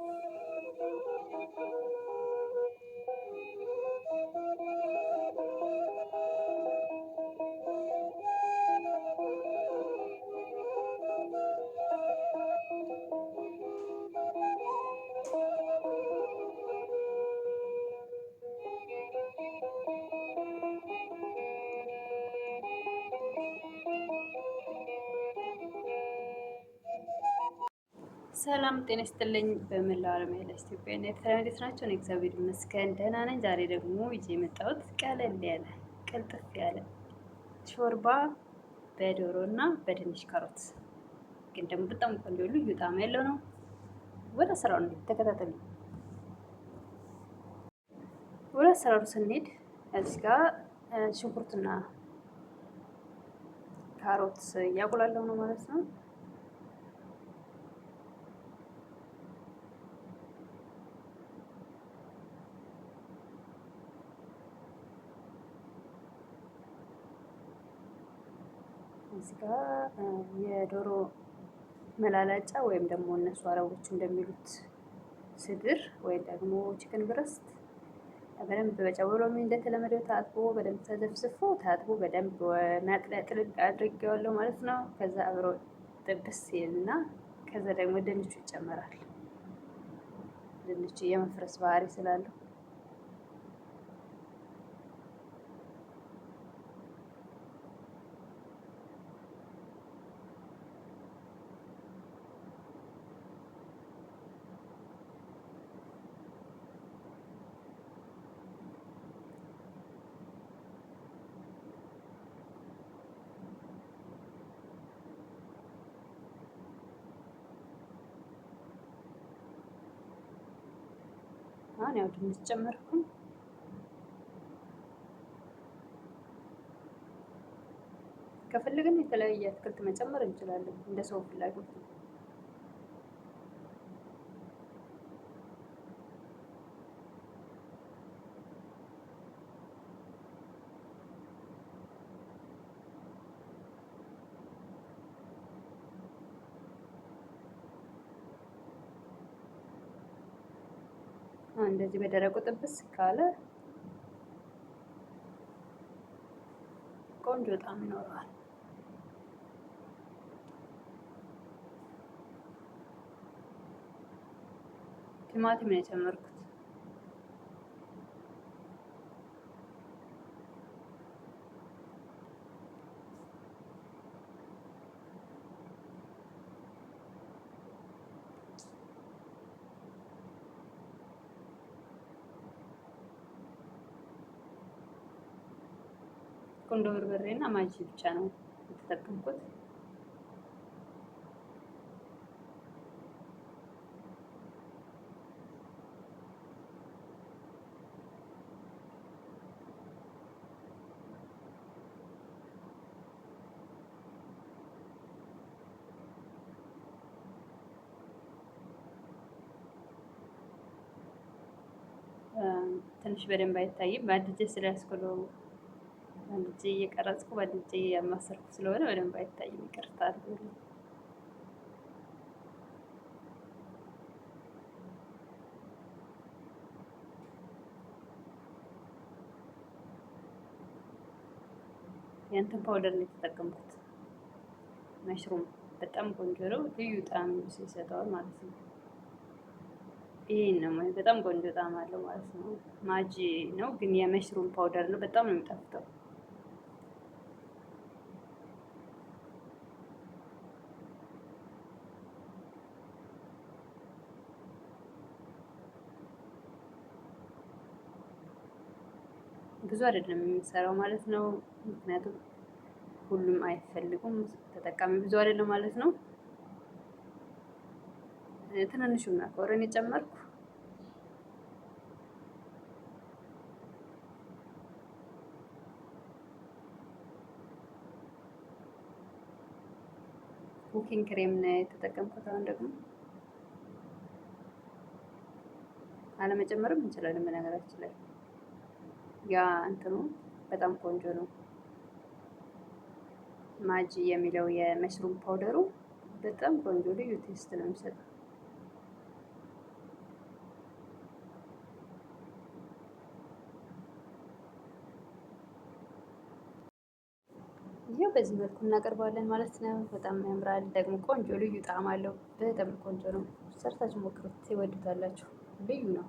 Thank you. ሰላም ጤና ይስጥልኝ። በመላው ዓለም ኢትዮጵያ ኢትዮጵያውያን ኤርትራ እንዴት ናቸው? እግዚአብሔር ይመስገን ደህና ነኝ። ዛሬ ደግሞ ይዤ የመጣሁት ቀለል ያለ ቅልጥፍ ያለ ሾርባ በዶሮ እና በድንች ካሮት፣ ግን ደግሞ በጣም ቆንጆ ልዩ ጣዕም ያለው ነው። ወደ ስራው እንሂድ፣ ተከታተሉ። ወደ ስራው ስንሄድ እዚህ ጋር ሽንኩርትና ካሮት እያቁላለሁ ነው ማለት ነው እዚህ የዶሮ መላላጫ ወይም ደግሞ እነሱ አረቦች እንደሚሉት ስድር ወይም ደግሞ ችክን ብረስት በደንብ በጨበሎሚ እንደተለመደው ታጥቦ በደንብ ተዘፍዝፎ ታጥቦ በደንብ መጥለቅ ጥልቅ አድርጌዋለሁ ማለት ነው። ከዛ አብሮ ጥብስ ይልና ከዛ ደግሞ ድንቹ ይጨመራል። ድንቹ የመፍረስ ባህሪ ስላለው አሁን ያው ድንች ጨመርኩኝ። ከፈለግን የተለያየ አትክልት መጨመር እንችላለን እንደ ሰው ፍላጎት ነው። እንደዚህ በደረቁ ጥብስ ካለ ቆንጆ ጣዕም ይኖረዋል። ቲማቲም ነው የጨመርኩት። ቁንዶ በርበሬ እና ማጂ ብቻ ነው የተጠቀምኩት። ትንሽ በደንብ አይታይም። በአዲጄ ስለያዝኩ አንድ እጄ እየቀረጽኩ በአንድ እጄ ያማሰርኩ ስለሆነ በደንብ አይታይም። ይቅርታ አድርጉልኝ። ያንተን ፓውደር ነው የተጠቀምኩት። መሽሩም በጣም ቆንጆ ነው፣ ልዩ ጣዕም ይሰጠዋል ማለት ነው። ይሄን ነው በጣም ቆንጆ ጣዕም አለው ማለት ነው። ማጂ ነው ግን የመሽሩም ፓውደር ነው። በጣም ነው የሚጠፍተው። ብዙ አይደለም የምንሰራው ማለት ነው። ምክንያቱም ሁሉም አይፈልጉም፣ ተጠቃሚ ብዙ አይደለም ማለት ነው። ትንንሹ ማኮረኒ ጨመርኩ። ኩኪንግ ክሬም ነው የተጠቀምኩት። አሁን ደግሞ አለመጨመርም እንችላለን በነገራችን ላይ ያ እንትኑ በጣም ቆንጆ ነው። ማጂ የሚለው የመሽሩም ፓውደሩ በጣም ቆንጆ ልዩ ቴስት ነው የሚሰጠው። ይሄው በዚህ መልኩ እናቀርባለን ማለት ነው። በጣም ያምራል፣ ደግሞ ቆንጆ ልዩ ጣዕም አለው። በጣም ቆንጆ ነው። ሰርታችሁ ሞክሩት፣ ትወዱታላችሁ። ልዩ ነው።